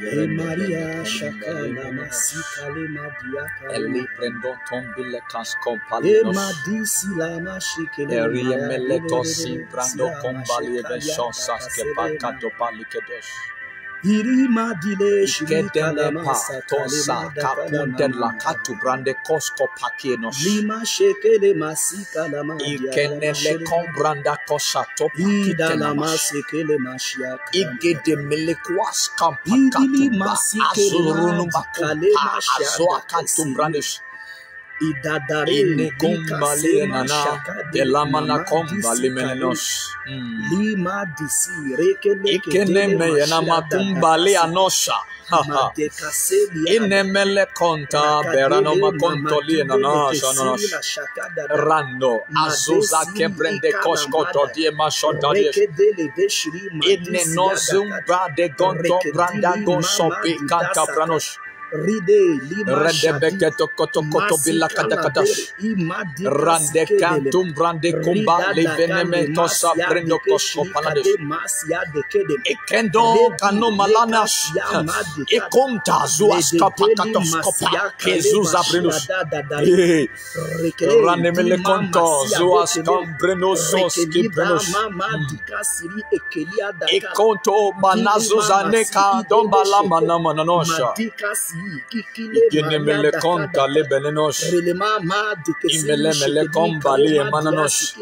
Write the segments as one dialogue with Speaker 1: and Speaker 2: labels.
Speaker 1: Le Maria Shakana Masika Le Madiaka Eli Prendon Tombile Kaskompalinos Le Madisi Lama Shikene Eri Emeleto Si Brando Kompali Eveshon Saske Pakato Palikedos Kedele pa tosa la katu brande kosko pakenos. Lima shekele masika la mandia. Ikene le kombranda kosa topa kitenamas. Igede melekwas kampakatu ba azurunu bakupa azoa kantu brandish idadarini kumbalinana elamana kumbalimenenos hmm. lima disi ikeneme yanamakumbali anosa inemele konta beranoma kontoliena nasanos rando azuza kebrende koskoto diema shodadies inenosum gonto branda gosopi kanta Ride lima Rendebeke tokotokoto bila kada kada. Rande kantum brande kumba leveneme tosa brendo kosko palades. Ekendo kano malanas. Ekonta zuas kapakatos kopa. Jesus abrenos. Randemele konto zuas kambrenos sos kibrenos. Ekonto manazos aneka domba lama namananosha. Madika konta Imele mele emananos.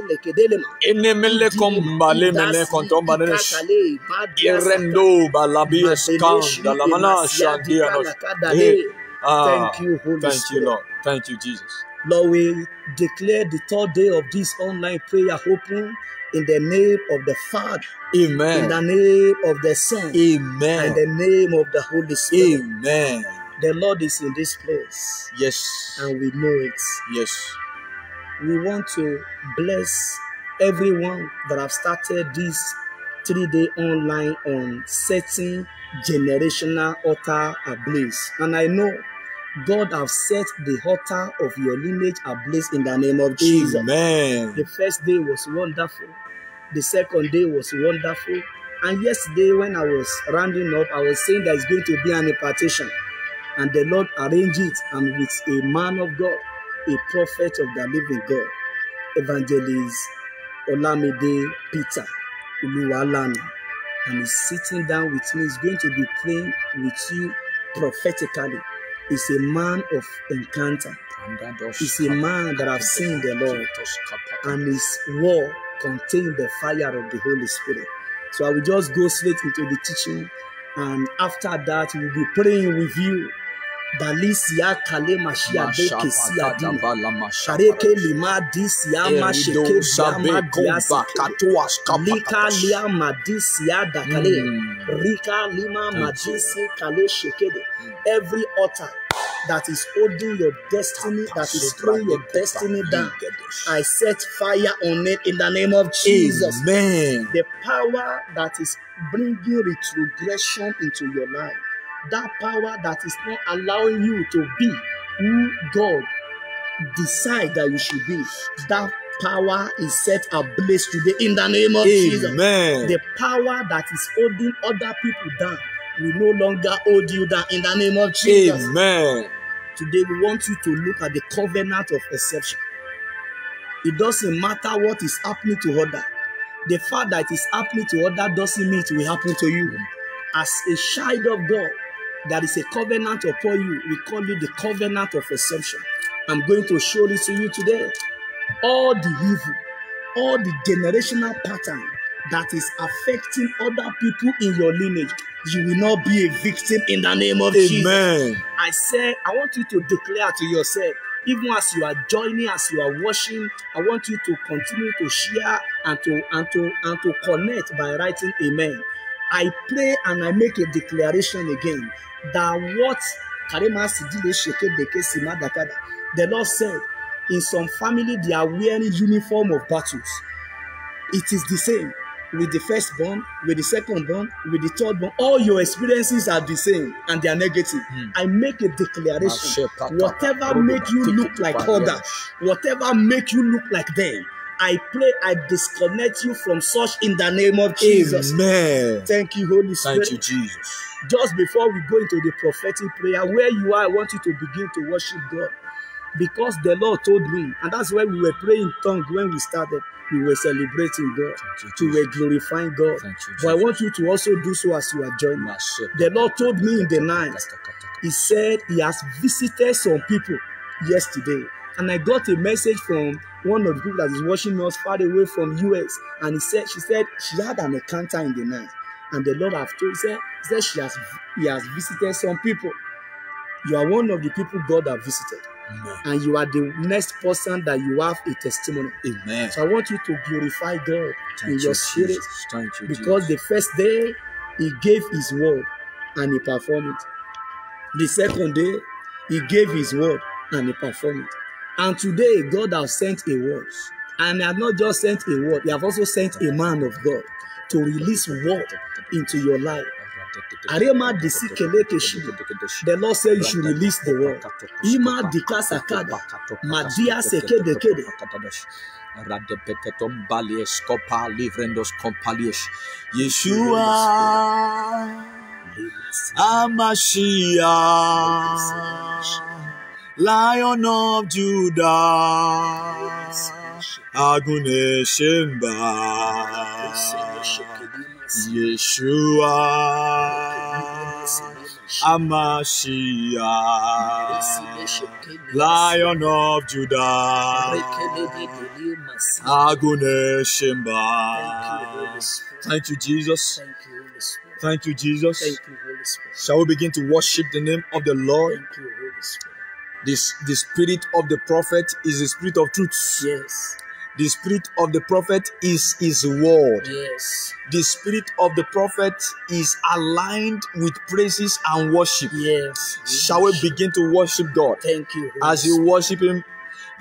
Speaker 1: mele Irendo balabi eskanda la manasha dianos. Eh, ah, thank you, Holy Thank you, Lord. Thank you, Jesus. Lord, we declare the third day of this online prayer open in the name of the Father. Amen. In the name of the Son. Amen. In the name of the Holy Spirit. Amen. The Lord is in this place. Yes. And we know it. Yes. We want to bless everyone that have started this three-day online on setting generational altar ablaze. And I know God have set the altar of your lineage ablaze in the name of Jesus. Amen. The first day was wonderful. The second day was wonderful. And yesterday, when I was rounding up, I was saying there's going to be an impartation. And the Lord arranged it, and with a man of God, a prophet of the living God, evangelist Olamide Peter Uluwalana, And he's sitting down with me. He's going to be praying with you prophetically. He's a man of encounter. He's a man that I've seen the Lord. And his war contains the fire of the Holy Spirit. So I will just go straight into the teaching and after that we'll be praying with you balisia kale mashia beke si adina kareke lima disi ama sheke ama diasi lika lia madisi adakale hmm. rika lima madisi kale shekede hmm. every altar that is holding your destiny, that is throwing your destiny down. I set fire on it in the name of Jesus. Amen. The power that is bringing retrogression into your life, that power that is not allowing you to be who God decide that you should be, that power is set ablaze today in the name of Amen. Jesus. The power that is holding other people down we no longer hold you down in the name of Jesus. Amen. Today we want you to look at the covenant of exception. It doesn't matter what is happening to other. The fact that it is happening to other doesn't mean it will happen to you. As a child of God, that is a covenant upon you. We call it the covenant of exception. I'm going to show this to you today. All the evil, all the generational pattern that is affecting other people in your lineage, you will not be a victim in the name of Amen. Jesus. I say, I want you to declare to yourself, even as you are joining, as you are watching, I want you to continue to share and to and to and to connect by writing Amen. I pray and I make a declaration again that what Karema Sidile Shekebeke Simadakada, the Lord said, in some family they are wearing uniform of battles. It is the same with the firstborn, with the secondborn, with the thirdborn, all your experiences are the same and they are negative. Hmm. I make a declaration. Whatever make you look like others, whatever make you look like them, I pray I disconnect you from such in the name of Jesus. Amen. Thank you, Holy Spirit. Thank you, Jesus. Just before we go into the prophetic prayer, where you are, I want you to begin to worship God. Because the Lord told me, and that's why we were praying tongue when we started. you were celebrating God, you, you were glorifying God. You, but I want you to also do so as you are joining. The Lord told me in the night, He said He has visited some people yesterday. And I got a message from one of the people that is watching us far away from US. And he said, she said she had an encounter in the night. And the Lord have told, her said, he said she has he has visited some people. You are one of the people God have visited. Amen. and you are the next person that you have a testimony. Amen. So I want you to glorify God Thank in your spirit you, because Jesus. the first day he gave his word and he performed it. The second day he gave his word and he performed it. And today God has sent a word. And he has not just sent a word, he has also sent a man of God to release word into your life. The Lord said you should release the world. Ima dikasakada. Madia sekede kede. Radepeketom balies kopa livrendos kompalies. Yeshua Amashiach, Lion of Judah, Aguneshimba. Yeshua, Amashiach, Lion of Judah, Agune Thank you, Jesus. Thank you, Jesus. Shall we begin to worship the name of the Lord? This the spirit of the prophet is the spirit of truth. Yes. The spirit of the prophet is his word. Yes. The spirit of the prophet is aligned with praises and worship. Yes. Shall we begin to worship God? Thank you. As you worship him,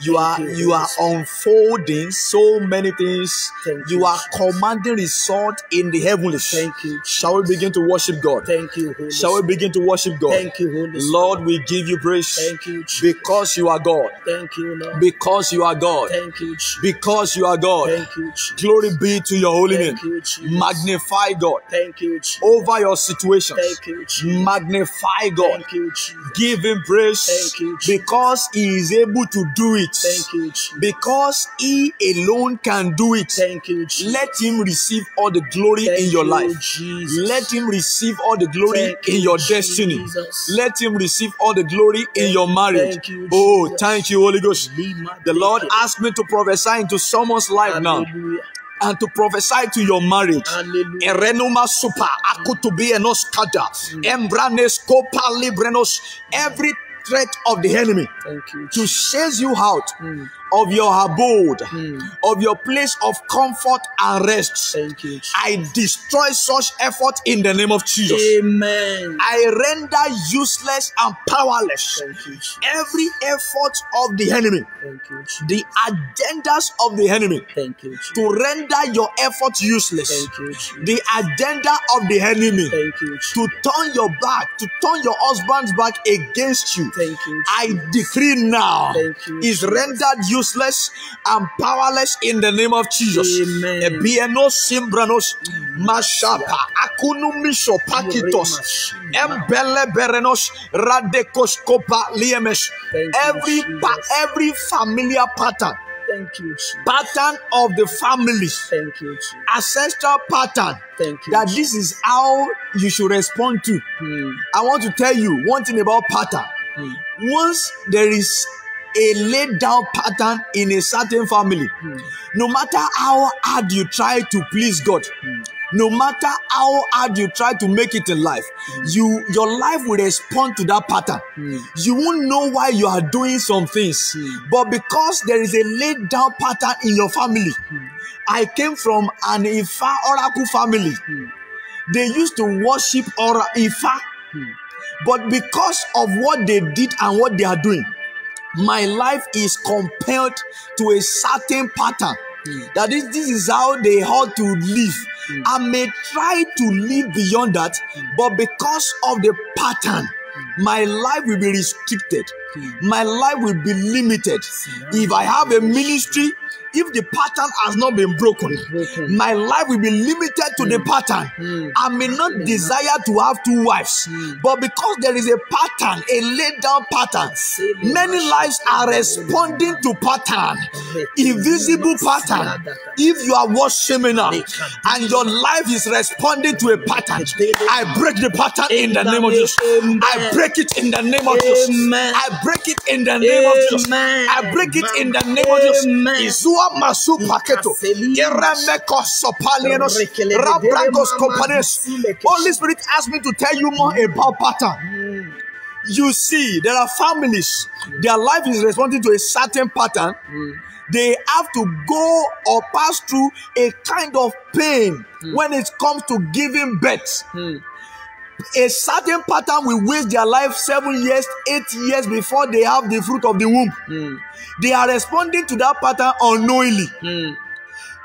Speaker 1: you are you are unfolding so many things. You, you, are commanding result in the heavens. Thank you. Shall we begin to worship God? Thank you. Holy Shall we begin to worship God? Thank you, Holy Lord. We give you praise. Thank you, Jesus. because you are God. Thank you, Lord. Because you are God. Thank you, Jesus. because you are God. Thank you. Jesus. Glory be to your holy Thank name. You, Magnify God. Thank you, Jesus. over your situations. Thank you, Jesus. Magnify God. Thank you, Jesus. Give him praise. Thank you, Jesus. because he is able to do it it. Thank you, Jesus. Because He alone can do it. Thank you, Jesus. Let Him receive all the glory Thank in your you, life. Jesus. Let Him receive all the glory Thank in your Jesus. destiny. Let Him receive all the glory Thank in your marriage. You, oh, thank you, Holy Ghost. The Lord asked me to prophesy into someone's life Hallelujah. now and to prophesy to your marriage. Erenuma mm. mm. everything threat of the enemy Thank you. to chase you out, mm of your abode, mm. of your place of comfort and rest. You, I destroy such effort in the name of Jesus. Amen. I render useless and powerless you, every effort of the enemy, you, the agendas of the enemy to render your effort useless, the agenda of the enemy to turn your back, to turn your husband's back against you. I decree now is rendered useless useless and powerless in the name of Jesus. Amen. Bieno mashapa akunumiso pakitos embele berenos radekoskopa liemes. Every every familiar pattern. Thank you. Pattern of the family. Thank you. Jesus. Ancestral pattern. Thank you. That Jesus. this is how you should respond to. Hmm. I want to tell you one thing about pattern. Hmm. Once there is a laid down pattern in a certain family. Mm. No matter how hard you try to please God, mm. no matter how hard you try to make it in life, mm. you your life will respond to that pattern. Hmm. You won't know why you are doing some things, hmm. but because there is a laid down pattern in your family. Hmm. I came from an Ifa oracle family. They used to worship Ora Ifa, but because of what they did and what they are doing, my life is compelled to a certain pattern. Mm. That is, this is how they ought to live. Mm. I may try to live beyond that, mm. but because of the pattern, my life will be restricted. My life will be limited. If I have a ministry, if the pattern has not been broken, broken. my life will be limited to mm. the hmm. pattern. Mm. I may not hmm. desire to have two wives, mm. but because there is a pattern, a laid down pattern, many lives are responding to pattern, invisible pattern. If you are worshiping and your life is responding to a pattern, I break the pattern in the name of Jesus. I break it in the name of Jesus. I break it in the name of Jesus. I break it in the name of Jesus masu paketo. Holy Spirit asked me to tell you more mm. about pattern. Mm. You see, there are families, mm. their life is responding to a certain pattern. They have to go or pass through a kind of pain when it comes to giving birth a certain pattern will waste their life seven years, eight years before they have the fruit of the womb. Mm. They are responding to that pattern unknowingly. Mm.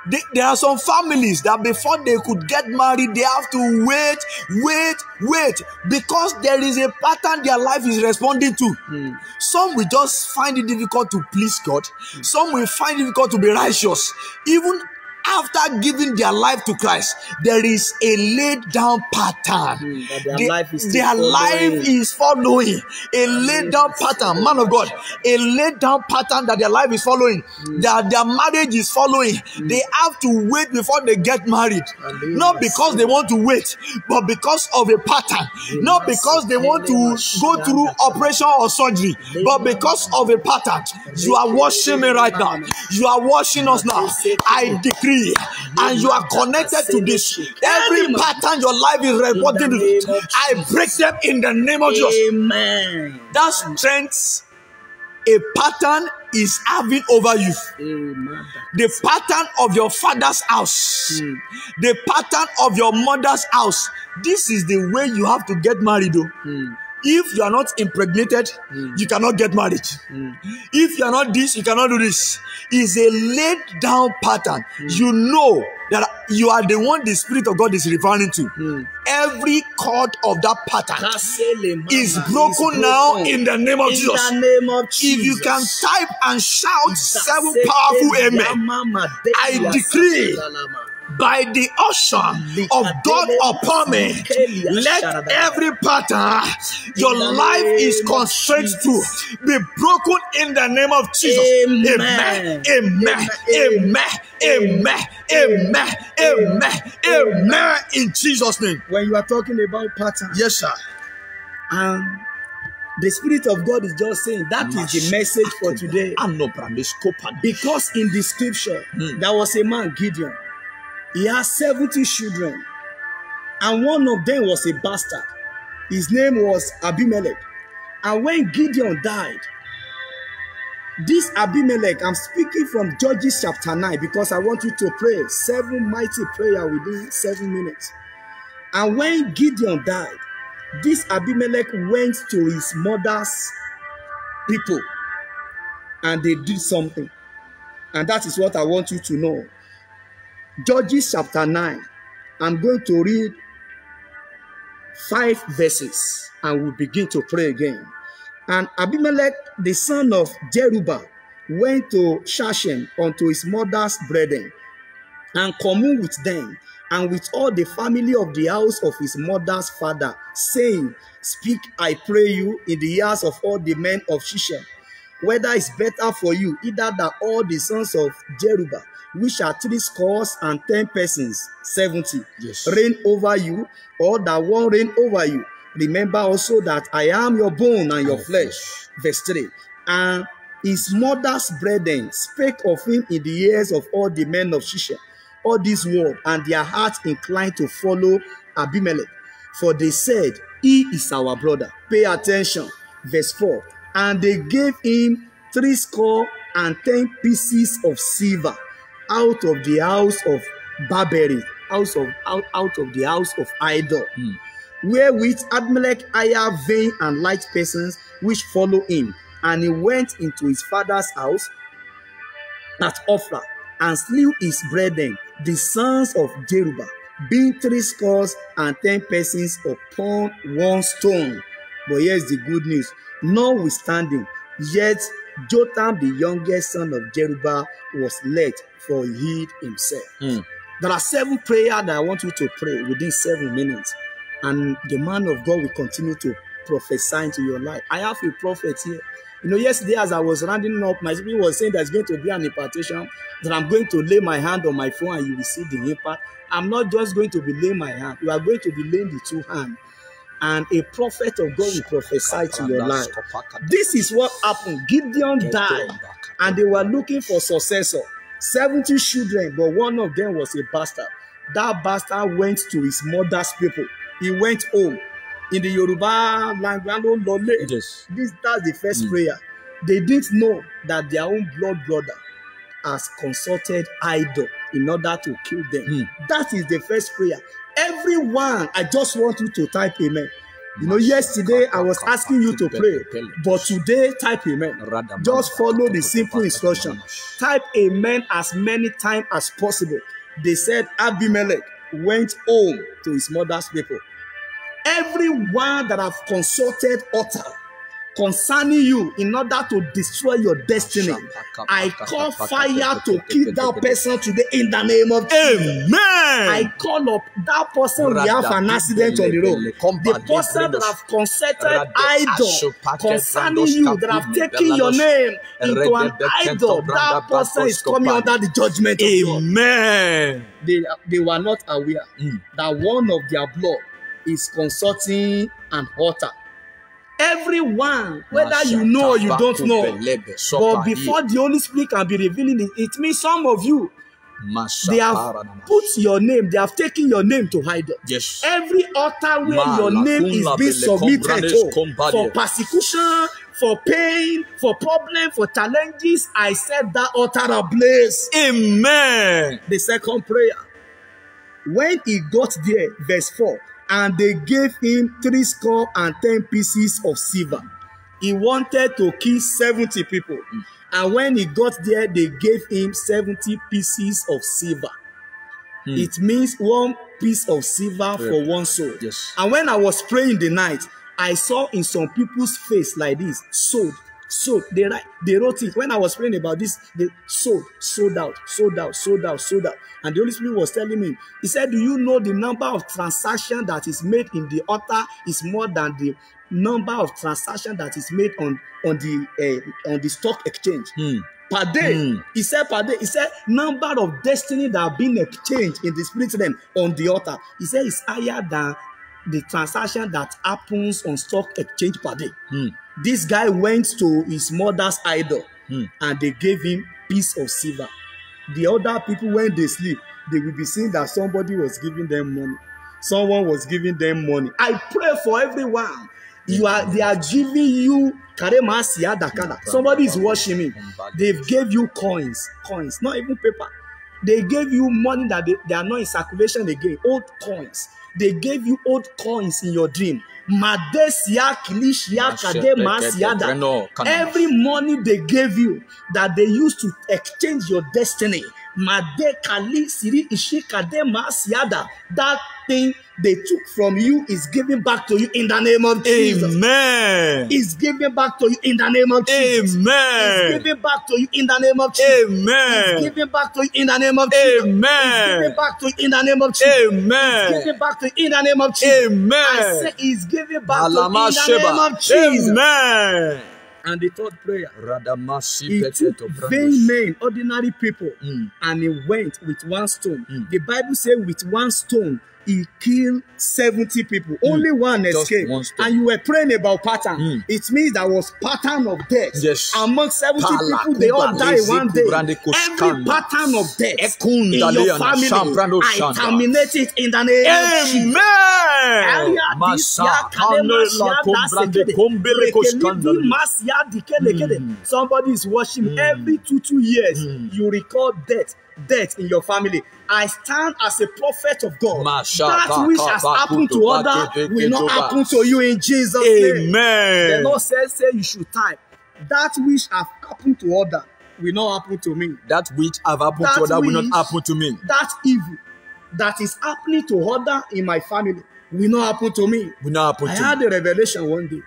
Speaker 1: They, there are some families that before they could get married, they have to wait, wait, wait, because there is a pattern their life is responding to. Mm. Some will just find it difficult to please God. Mm. Some will find it difficult to be righteous. Even after giving their life to Christ, there is a laid down pattern. Mm, their, life, is their life is following a laid down pattern. Man of God, a laid down pattern that their life is following, mm. that their marriage is following. Mm. They have to wait before they get married, not because they want to wait, but because of a pattern, not because they want to go through operation or surgery, but because of a pattern. You are watching me right now. You are watching us now. I decree be and you are connected to this. Every pattern your life is reporting, I break them in the name of Jesus. Amen. That strength, a pattern is having over you. The pattern of your father's house, mm. the pattern of your mother's house. This is the way you have to get married. Though. Mm. If you are not impregnated, mm. you cannot get married. Mm. If you are not this, you cannot do this. Is a laid down pattern. Mm. You know that you are the one the Spirit of God is referring to. Hmm. Every cord of that pattern is broken, is broken, now in the name of, in Jesus. The name of Jesus. If you can type and shout seven powerful amen, I decree by the ocean of God upon me. Let every pattern your life is constrained to be broken in the name of Jesus. Amen. Amen. Amen. Amen. Amen. Amen. Amen. In Jesus' name. When you are talking about pattern, yes, sir. And um, the Spirit of God is just saying that is the message for today. Because in the scripture, hmm. there was a man, Gideon. He had 70 children, and one of them was a bastard. His name was Abimelech. And when Gideon died, this Abimelech, I'm speaking from Judges chapter 9 because I want you to pray seven mighty prayer within seven minutes. And when Gideon died, this Abimelech went to his mother's people and they did something. And that is what I want you to know. Judges chapter 9. I'm going to read five verses and we'll begin to pray again. And Abimelech, the son of Jerubal, went to Shashem unto his mother's brethren and communed with them and with all the family of the house of his mother's father, saying, Speak, I pray you, in the ears of all the men of Shishem." whether it's better for you either that all the sons of Jeruba, which are three scores and ten persons seventy yes. reign over you or that one reign over you remember also that I am your bone and your oh, flesh yes. verse three and his mother's brethren spake of him in the ears of all the men of Shisha all this world, and their hearts inclined to follow Abimelech for they said he is our brother pay attention verse four and they gave him three score and ten pieces of silver out of the house of Barbary, house of out, out of the house of idol, mm. wherewith Abimelech hired vain and light persons which follow him, and he went into his father's house at Ophrah and slew his brethren, the sons of Jerubah, being three scores and ten persons upon one stone. But here's the good news: Notwithstanding, yet Jotham, the youngest son of Jerubbaal, was led for he himself. Mm. There are seven prayers that I want you to pray within seven minutes, and the man of God will continue to prophesy into your life. I have a prophet here. You know, yesterday as I was rounding up, my spirit was saying there's going to be an impartation that I'm going to lay my hand on my phone and you will see the impact. I'm not just going to be laying my hand. You are going to be laying the two hands and a prophet of God will prophesy to your life. This is what happened. Gideon died, and they were looking for successor. Seventy children, but one of them was a bastard. That bastard went to his mother's people. He went home. In the Yoruba language, Yes. This, that's the first mm. prayer. They didn't know that their own blood brother has consulted idol in order to kill them. Mm. That is the first prayer everyone i just want you to type amen you know yesterday i was asking you to pray but today type amen just follow the simple instruction type amen as many times as possible they said abimelech went home to his mother's people everyone that have consulted utter concerning you in order to destroy your destiny. I call fire to kill that person today in the name of Jesus. Amen. I call up that person we have an accident on the road. The person that have concerted idol concerning you that have taken your name into an idol. That person is coming under the judgment of God. Amen. They, they were not aware mm. that one of their blood is consulting an altar everyone whether you know or you don't know but before the holy spirit can be revealing it it means some of you they have put your name they have taken your name to hide it. yes every altar where your name is being submitted to for persecution for pain for problem for challenges i set that altar ablaze amen the second prayer when he got there verse four and they gave him three score and ten pieces of silver. He wanted to kill seventy people. Mm. And when he got there, they gave him seventy pieces of silver. Mm. It means one piece of silver yeah. for one soul. Yes. And when I was praying the night, I saw in some people's face like this, sold sold. They write, they wrote it. When I was praying about this, they sold, sold out, sold out, sold out, sold out. And the Holy Spirit was telling me, He said, Do you know the number of transactions that is made in the altar is more than the number of transactions that is made on on the uh, on the stock exchange? Mm. per day. Mm. He said per day. He said number of destiny that have been exchanged in the spirit realm on the altar. He said it's higher than the transaction that happens on stock exchange per day. Mm. This guy went to his mother's idol mm. and they gave him piece of silver. The other people, when they sleep, they will be seeing that somebody was giving them money. Someone was giving them money. I pray for everyone. You are they are giving you karemasia dakada. Somebody is watching me. They've gave you coins, coins, not even paper. They gave you money that they, they are not in circulation again, old coins. they gave you old coins in your dream. Every money they gave you that they used to exchange your destiny kali, Siri Ishikade Masiada. That thing they took from you is giving back to you in the name of Jesus. Amen. Is giving back to you in the name of Jesus. Amen. Is given back to you in the name of Jesus. Amen. Is giving back to you in the name of Jesus. Amen. Is giving back to you in the name of Jesus. Amen. Is giving back to you in the name of Jesus. Amen. I say is given back to you in the name of Jesus. Amen. And the third prayer, he took vain men, ordinary people, mm. and he went with one stone. Mm. The Bible says, with one stone, he killed seventy people. Mm. Only one Just escaped. One and you were praying about pattern. Mm. It means that was pattern of death. Yes. Among seventy Pala, people, they all die one day. Every pattern of death in your family, I terminate it in the name of Jesus. Amen. Hmm. Somebody is watching hmm. every two, two years. Hmm. You record death. death in your family. I stand as a prophet of God. that which has happened to others will not happen to you in Jesus' Amen. The Lord says, say you should type. That which have happened to others will not happen to me. That which have happened that to others will not happen to me. That evil that is happening to others in my family will not happen to me. Will not happen I had me. a revelation one day.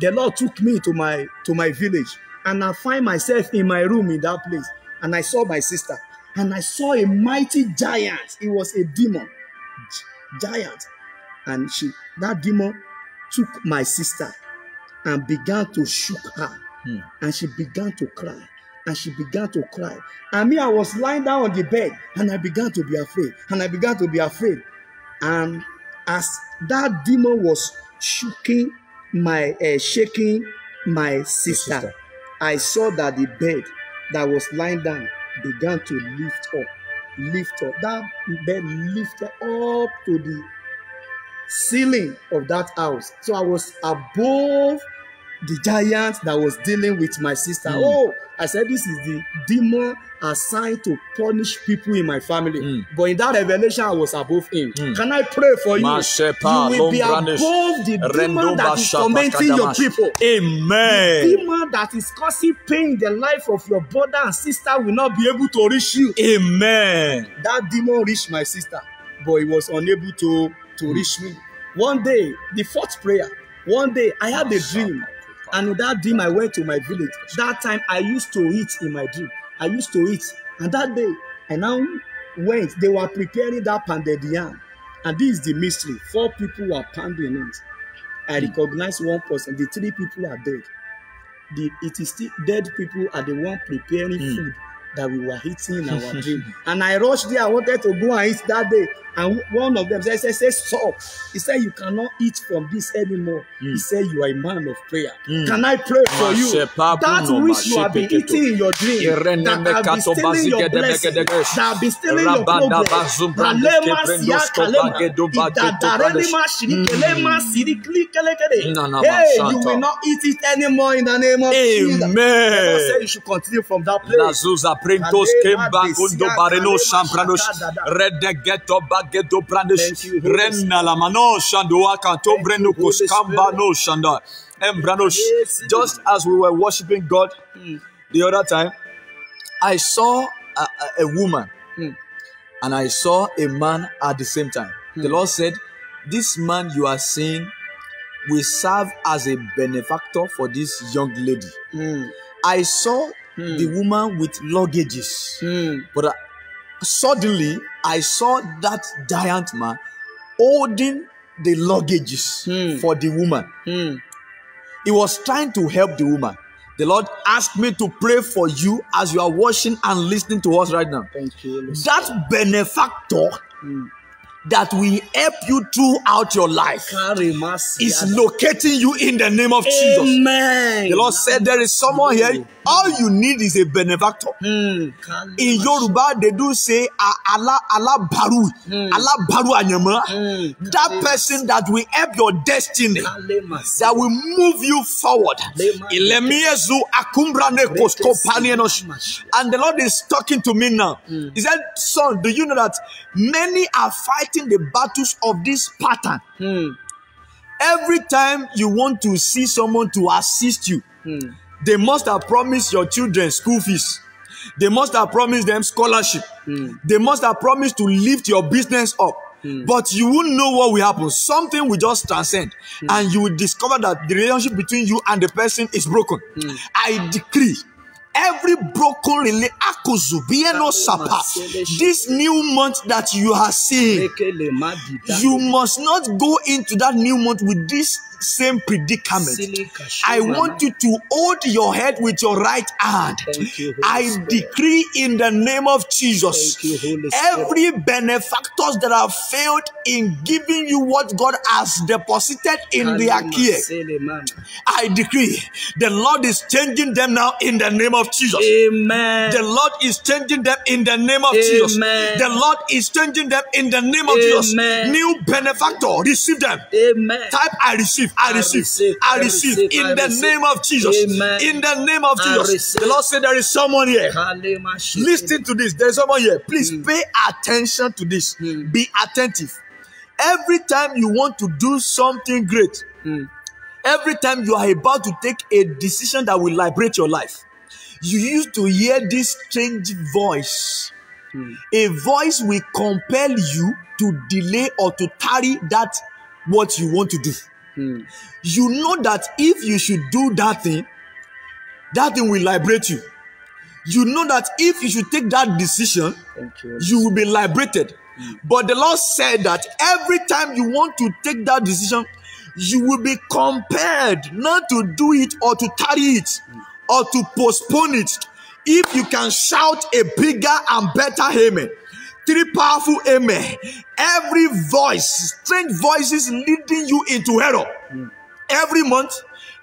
Speaker 1: The Lord took me to my to my village and I find myself in my room in that place. And I saw my sister and I saw a mighty giant. It was a demon, giant. And she, that demon took my sister and began to shook her. Hmm. And she began to cry. And she began to cry. And me, I was lying down on the bed and I began to be afraid. And I began to be afraid. And as that demon was shaking my uh, shaking my sister, sister, I saw that the bed that was lying down began to lift up, lift up. That bed lifted up to the ceiling of that house. So I was above the giant that was dealing with my sister. Mm. Oh, I said, this is the demon assigned to punish people in my family. Mm. But in that revelation, I was above him. Mm. Can I pray for you? Mashepa, you will be above the demon that is tormenting your people. Amen. The demon that is causing pain in the life of your brother and sister will not be able to reach you. Amen. That demon reached my sister, but he was unable to, to hmm. reach me. One day, the fourth prayer, one day I had a dream and that dream i went to my village that time i used to eat in my dream i used to eat and that day i now went they were preparing that pounded yam and this is the mystery four people were pounding it i recognize one person the three people are dead the it is still dead people are the one preparing mm. food that we were eating our dream. and I rushed there. I wanted to go and eat that day. And one of them said, said, said Stop. He said, You cannot eat from this anymore. Mm. He hmm. said, You are a man of prayer. Mm. Can I pray for you? That which you have been eating in your dream, that have been stealing your blessings?' that have been stealing your progress, hmm. hey, you will not eat it anymore in the name of Amen. Jesus. Amen. You should continue from that place. Printos Kemba Kundo Bareno Shampranos Redegeto Bageto Brandish Renna Lamano Shandua Kantom Breno Kuskamba no Shanda Embranos. Just as we were worshiping God hmm. the other time, I saw a, a, a woman hmm. and I saw a man at the same time. The hmm. Lord said, This man you are seeing will serve as a benefactor for this young lady. Mm. I saw Hmm. the woman with luggages. Hmm. But uh, suddenly, I saw that giant man holding the luggages hmm. for the woman. He was trying to help the woman. The Lord asked me to pray for you as you are watching and listening to us right now. Thank you. Mr. That benefactor that will help you throughout your life is locating you in the name of Amen. Jesus. The Lord said there is someone here all you need is a benefactor. Mm. In Yoruba, they do say Allah ala Baru, mm. Allah Baru Anyama. Mm. That person that will help your destiny, that will move you forward. And the Lord is talking to me now. Hmm. He said, Son, do you know that many are fighting the battles of this pattern? Hmm. Every time you want to see someone to assist you, hmm. They must have promised your children school fees. They must have promised them scholarship. Mm. They must have promised to lift your business up. Mm. But you won't know what will happen. Something will just transcend, mm. and you will discover that the relationship between you and the person is broken. Mm. I decree every broken relay akuzubieno sapa this new month that you are seeing you must not go into that new month with this same predicament. I want you to hold your head with your right hand. I decree in the name of Jesus every benefactors that have failed in giving you what God has deposited in their care. I decree the Lord is changing them now in the name of Jesus. Amen. The Lord is changing them in the name of Amen. Jesus. The Lord is changing them in the name of Jesus. New benefactor, receive them. Amen. Type I receive. I receive, I receive in the name of Jesus. In the name of Jesus. The Lord said there is someone here. Listen to this. There's someone here. Please hmm. pay attention to this. Hmm. Be attentive. Every time you want to do something great, hmm. every time you are about to take a decision that will liberate your life, you used to hear this strange voice. A voice will compel you to delay or to tarry that what you want to do. Hmm. You know that if you should do that thing, that thing will liberate you. You know that if you should take that decision, you. you. will be liberated. Hmm. But the Lord said that every time you want to take that decision, you will be compelled not to do it or to carry it hmm. or to postpone it. If you can shout a bigger and better amen. three powerful amen every voice strange voices leading you into error mm. every month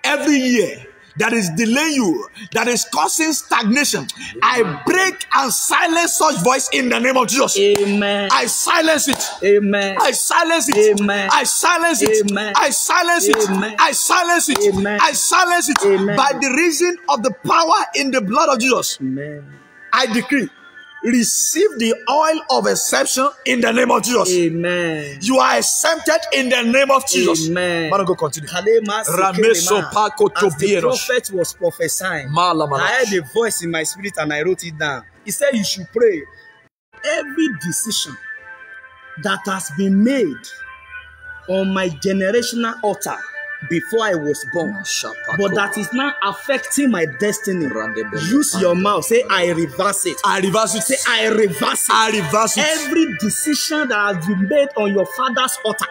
Speaker 1: every year that is delaying you that is causing stagnation amen. i break and silence such voice in the name of jesus amen i silence it amen i silence it amen i silence it amen i silence it amen i silence it amen i silence it amen by the reason of the power in the blood of jesus amen i decree receive the oil of exception in the name of Jesus. Amen. You are exempted in the name of Jesus. Amen. Man, go continue. As the prophet was prophesying, I heard a voice in my spirit and I wrote it down. He said, You should pray. Every decision that has been made on my generational altar before I was born. But that is now affecting my destiny. Use your mouth. Say, I reverse it. I reverse it. Say, I reverse it. I reverse it. Every decision that has been made on your father's altar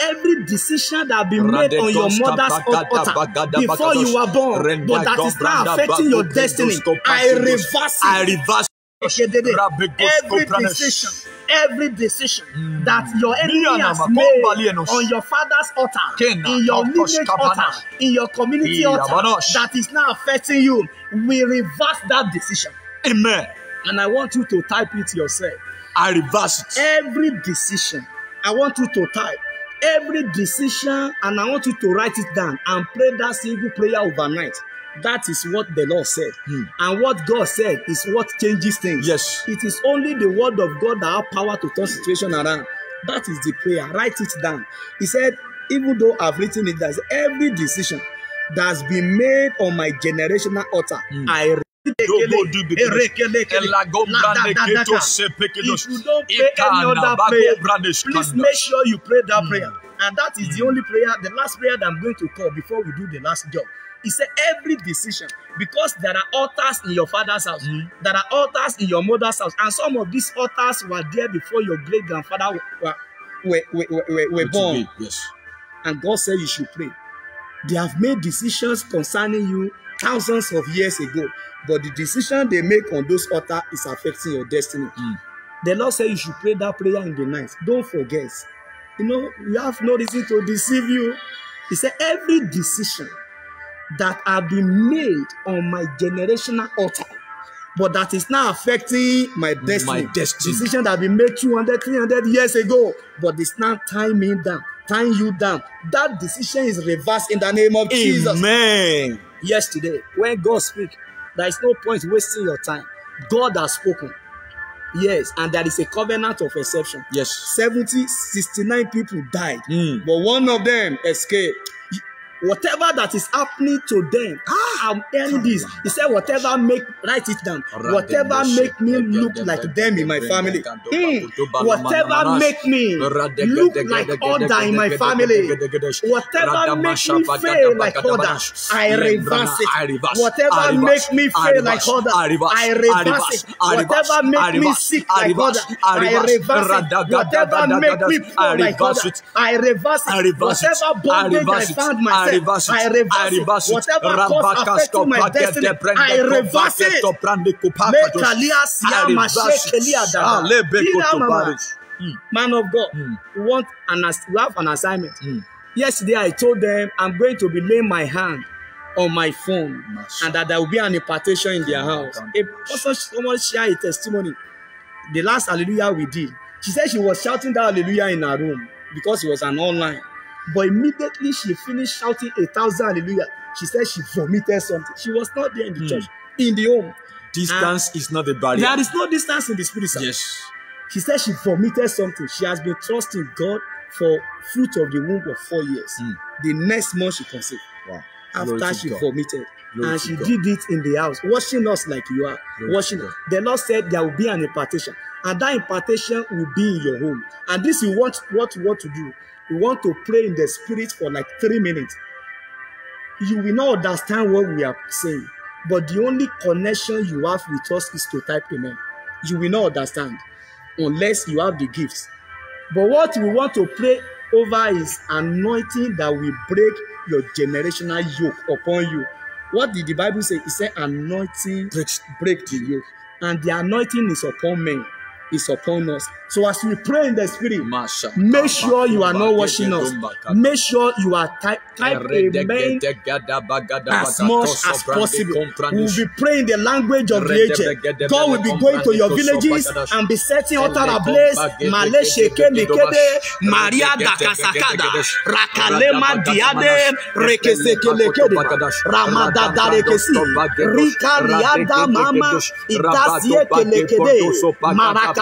Speaker 1: every decision that has been made on your mother's altar before you were born, but that is now affecting your destiny. I reverse it. I reverse. Every decision, every decision mm. that your enemy has made on your father's altar, in your lineage altar, in your community altar, that is now affecting you, we reverse that decision. Amen. And I want you to type it yourself. I reverse it. Every decision, I want you to type every decision, and I want you to write it down and pray that single prayer overnight. That is what the law said. Hmm. And what God said is what changes things. Yes. It is only the word of God that have power to turn situation around. That is the prayer. Write it down. He said, even though I've written it, that every decision that's been made on my generational altar, mm. I if please make sure you pray that mm. prayer. And that is mm. the hmm. only prayer, the last prayer that I'm going to call before we do the last job. He said, every decision, because there are altars in your father's house, mm. there are altars in your mother's house, and some of these altars were there before your great grandfather were, were, were, were, were born. Made, yes. And God said you should pray. They have made decisions concerning you thousands of years ago, but the decision they make on those altars is affecting your destiny. Mm. The Lord said you should pray that prayer in the night. Don't forget. You know, we have no reason to deceive you. He said, every decision that have been made on my generational altar but that is now affecting my destiny. My destiny. Decision that been made 200, 300 years ago, but it's now tying me down, tying you down. That decision is reversed in the name of Amen. Jesus. Amen. Yesterday, when God speaks, there is no point wasting your time. God has spoken. Yes, and there is a covenant of exception. Yes. 70, 69 people died, mm. but one of them escaped whatever that is happening to them ah i'm hearing this he said whatever make write it down whatever make me look like them in my family mm. whatever make me look like other in my family whatever make me fail like other i reverse it whatever make me fail like other i reverse it whatever make me sick like other i reverse it whatever make me poor like other i reverse it whatever bondage i found myself reverse it. I reverse it. Whatever cause affecting my destiny, I reverse it. I reverse it. Man of God, mm. we want an ass- we have an assignment. Mm. Yesterday I told them I'm going to be laying my hand on my phone Masha. and that there will be an impartation in their house. A person someone share a testimony. The last hallelujah we did, she said she was shouting that hallelujah in her room because it was an online. But immediately she finished shouting a thousand hallelujah. She said she vomited something. She was not there in the mm. church, in the home. Distance and is not a barrier. There is no distance in the spirit. Sir. Yes. She said she vomited something. She has been trusting God for fruit of the womb of four years. Mm. The next month she conceived. Wow. After Glory she vomited. Glory and she God. did it in the house, watching us like you are. Glory watching The Lord said there will be an impartation. And that impartation will be in your home. And this is what what what to do. you want to pray in the spirit for like three minutes, you will not understand what we are saying. But the only connection you have with us is to type amen. You will not understand unless you have the gifts. But what we want to pray over is anointing that will break your generational yoke upon you. What did the Bible say? It said anointing breaks break the yoke. And the anointing is upon men is upon us. So as we pray in the spirit, make sure you are not watching us. Make sure you are type, type amen as much as possible. We'll be praying the language of the agent. God will be going to your villages and be setting altar ablaze. Male sheke mikede, Maria dakasakada, rakalema diade, rekesekelekede, ramada darekesi, rika liada mama, itasiye kelekede, maraka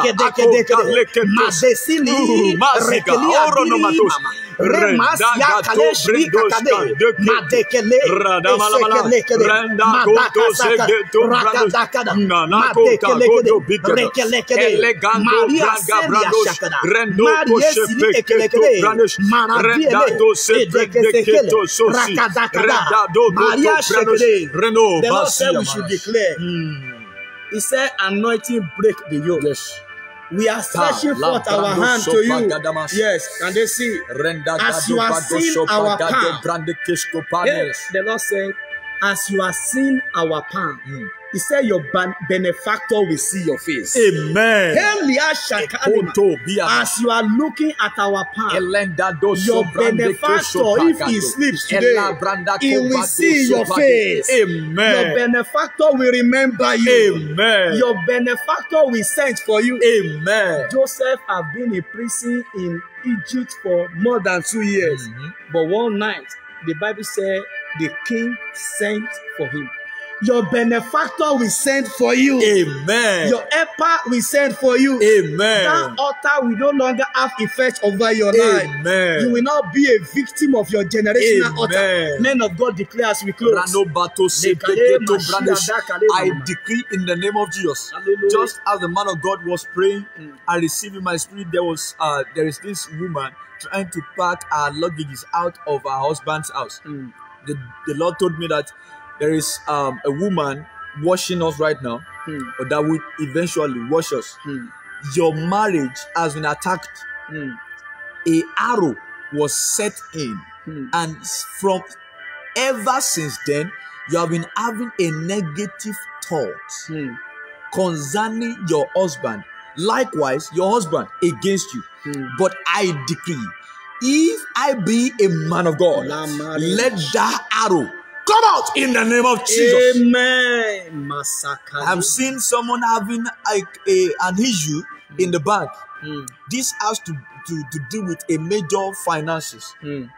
Speaker 1: Mazesili, Maria said we should declare. Mm. He said anointing break the yoke. Yes. We are stretching forth our hand to you. Yes, can they see? As you are seeing our palm. Yes, the Lord said, as you are seeing our palm. Mm. He said, Your benefactor will see your face. Amen. As you are looking at our path, your benefactor, if he sleeps today, he will see your face. Amen. Your benefactor will remember you. Amen. Your benefactor will send for you. Amen. Joseph had been in prison in Egypt for more than two years. Mm-hmm. But one night, the Bible said the king sent for him. Your benefactor we send for you. Amen. Your helper we send for you. Amen. That altar will no longer have effect over your Amen. life. Amen. You will not be a victim of your generational Amen. altar. Men of God declare as we close. I declare in the name of Jesus. Hallelujah. Just as the man of God was praying mm. and receiving my spirit, there was uh, there is this woman trying to pack her luggage out of her husband's house. Mm. The, the Lord told me that There is um, a woman washing us right now, mm. or that will eventually wash us. Mm. Your marriage has been attacked. Mm. A arrow was set in, hmm. and from ever since then, you have been having a negative thought hmm. concerning your husband. Likewise, your husband against you. Hmm. But I decree, if I be a man of God, let that arrow Come out in the name of Jesus. Amen. Massacre. I've seen someone having like a, an issue mm. in the bank. Mm. This has to, to, to do with a major finances. Mm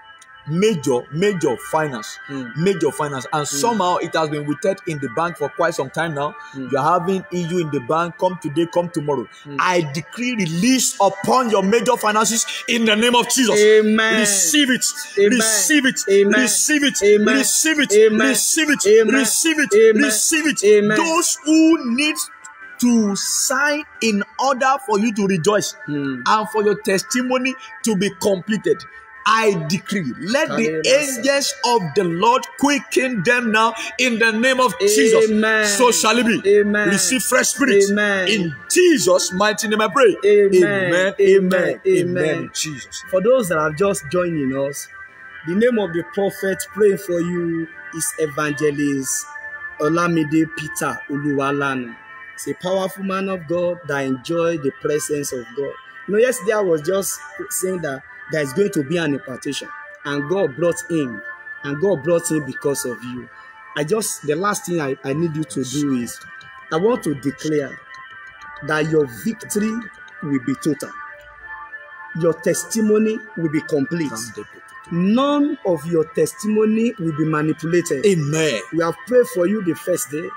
Speaker 1: major major finance mm. major finance and mm. somehow it has been rooted in the bank for quite some time now mm. you're having eu in the bank come today come tomorrow mm. i decree release upon your major finances in the name of jesus amen receive it amen. receive it amen. receive it amen. receive it amen. receive it amen. receive it amen. receive it amen. those who need to sign in order for you to rejoice mm. and for your testimony to be completed I decree, let the angels of the Lord quicken them now in the name of Amen. Jesus. So shall it be. Amen. Receive fresh spirit. Amen. In Jesus' mighty name I pray. Amen. Amen. Amen. Amen. Jesus. For those that are just joining us, the name of the prophet praying for you is Evangelist Olamide Peter Uluwalana. He's a powerful man of God that enjoy the presence of God. You know, yesterday I was just saying that there is going to be an impartation and God brought him and God brought him because of you I just the last thing I, I need you to do is I want to declare that your victory will be total your testimony will be complete none of your testimony will be manipulated amen we have prayed for you the first day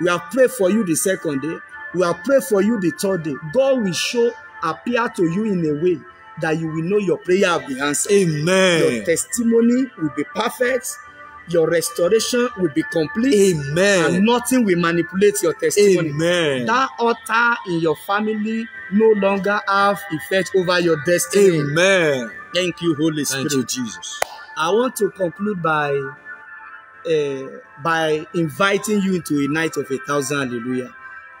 Speaker 1: we have prayed for you the second day we have prayed for you the third day God will show appear to you in a way that you will know your prayer will be answered. Amen. Your testimony will be perfect. Your restoration will be complete. Amen. And nothing will manipulate your testimony. Amen. That altar in your family no longer have effect over your destiny. Amen. Thank you, Holy Spirit. Thank you, Jesus. I want to conclude by uh, by inviting you into a night of a thousand hallelujah.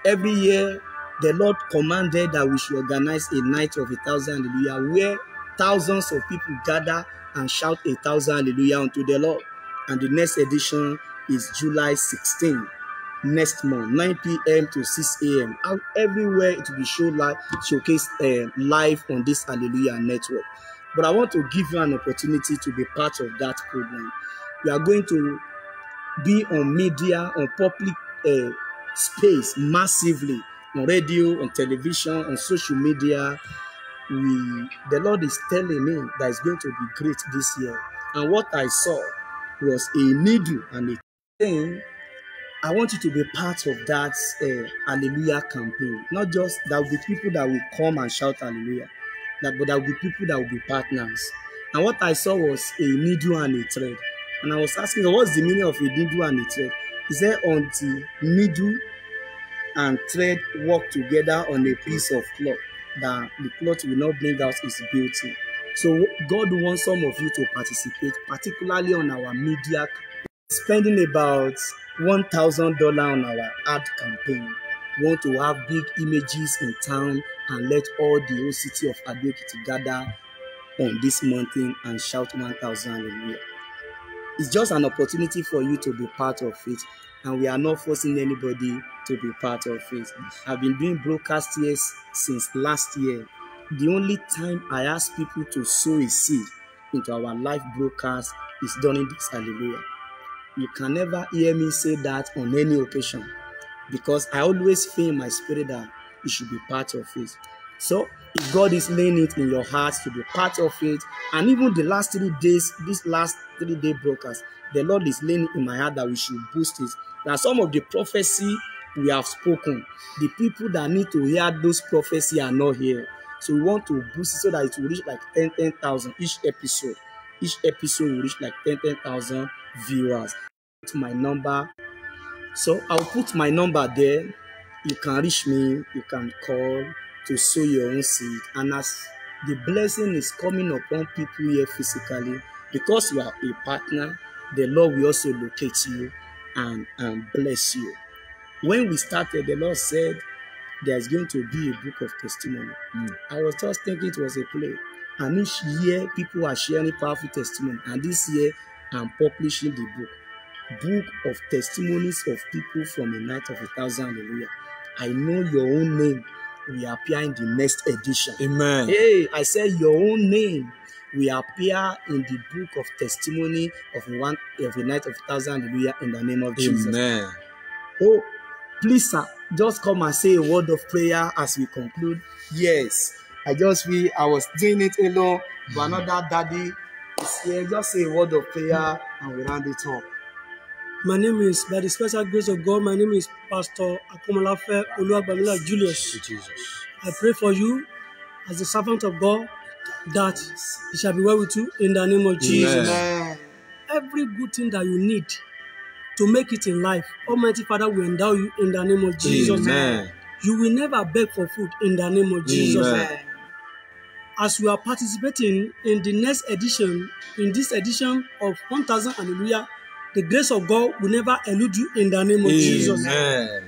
Speaker 1: Every year the Lord commanded that we should organize a night of a thousand hallelujah where thousands of people gather and shout a thousand hallelujah unto the Lord. And the next edition is July 16 next month 9 p.m. to 6 a.m. out everywhere it will be show live showcase uh, live on this hallelujah network but I want to give you an opportunity to be part of that program you are going to be on media on public uh, space massively on radio, on television, on social media. We, the Lord is telling me that it's going to be great this year. And what I saw was a needle and a thing. I want you to be part of that uh, Hallelujah campaign. Not just there will be people that will come and shout Hallelujah, that, but there will be people that will be partners. And what I saw was a needle and a thread. And I was asking, what's the meaning of a needle and a thread? Is there on the needle and thread work together on a piece of cloth that the cloth will not bring out its beauty. So God wants some of you to participate, particularly on our media, spending about one thousand dollar on our ad campaign. want to have big images in town and let all the whole city of Abuja gather on this mountain and shout one thousand hallelujah. It's just an opportunity for you to be part of it and we are not forcing anybody to be part of it. I've been doing broadcast years since last year. The only time I ask people to sow a seed into our live broadcast is during this hallelujah. You can never hear me say that on any occasion because I always feel in my spirit that it should be part of it. So if God is laying it in your heart to be part of it, and even the last three days, this last three day broadcast, the Lord is laying in my heart that we should boost it. That some of the prophecy we have spoken, the people that need to hear those prophecy are not here. So we want to boost it so that it will reach like 10, 10,000 each episode. Each episode will reach like 10, 10,000 viewers. Put my number. So I'll put my number there. You can reach me. You can call to sow your own seed and as the blessing is coming upon people here physically because you are a partner the lord will also locate you and and bless you when we started the lord said there's going to be a book of testimony mm. i was just thinking it was a play and each year people are sharing powerful testimony and this year i'm publishing the book book of testimonies of people from a night of a thousand hallelujah i know your own name will appear in the next edition. Amen. Hey, I said your own name will appear in the book of testimony of one of the night of thousand hallelujah in the name of Amen. Jesus. Oh, please, sir, just come and say a word of prayer as we conclude. Yes, I just we I was doing it alone, but mm. another daddy is here. Just say a word of prayer and we round it up. My name is, by the special grace of God, my name is Pastor Akomolafe Oluwagbamila Julius. Jesus. I pray for you as the servant of God that it shall be well with you in the name of Jesus. Amen. Every good thing that you need to make it in life, Almighty Father will endow you in the name of Jesus. Amen. You will never beg for food in the name of Jesus. Amen. As we are participating in the next edition, in this edition of 1000 Hallelujah the grace of God will never elude you in the name of Amen. Jesus.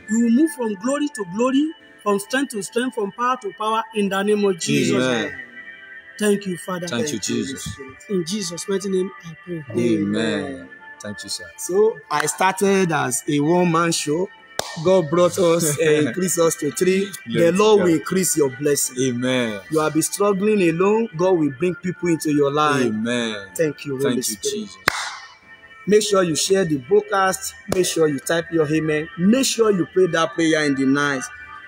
Speaker 1: You will move from glory to glory, from strength to strength, from power to power in the name of Jesus. Amen. Thank you, Father. Thank, you, Jesus. In Jesus' mighty name, I pray. Amen. Amen. Thank you, sir. So I started as a one-man show. God brought us and eh, increased us to three. the Lord will increase your blessing. Amen. You will be struggling alone. God will bring people into your life. Amen. Thank you, Holy Thank Spirit. Jesus. Make sure you share the broadcast. Make sure you type your amen. Make sure you pray that prayer in the night.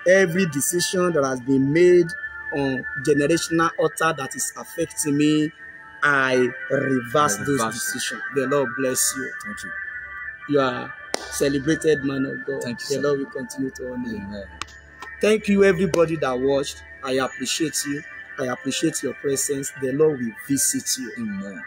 Speaker 1: Every decision that has been made on generational altar that is affecting me, I reverse, reverse those decisions. The Lord bless you. Thank you. You are celebrated man of God. Thank you, the sir. Lord will continue to honor you. Amen. Thank you, everybody that watched. I appreciate you. I appreciate your presence. The Lord will visit you. Amen.